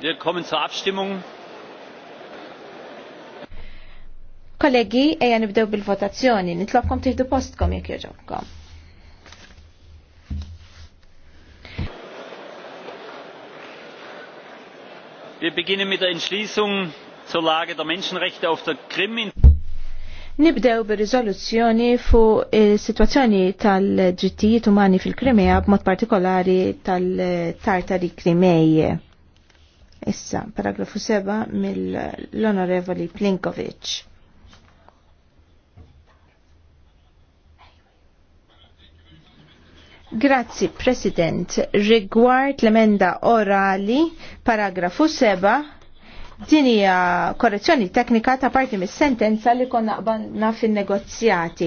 Wir kommen zur Abstimmung. Kollegi, eja nibdew bil-votazzjoni, nitlobkom tiħdu postkom jek joġobkom. Wir beginnen mit der Entschließung zur Lage der Menschenrechte auf der Krim. Nibdew bir-riżoluzzjoni fu eh, situazzjoni tal-ġittijiet umani fil-Krimea b'mod partikolari tal-Tartari Krimej. Issa, paragrafu 7 mill-Onorevoli Plinkovic. Grazzi, President. Rigward l-emenda orali, paragrafu 7, din hija korrezzjoni teknika ta' parti mis-sentenza li konna qbanna fin-negozjati.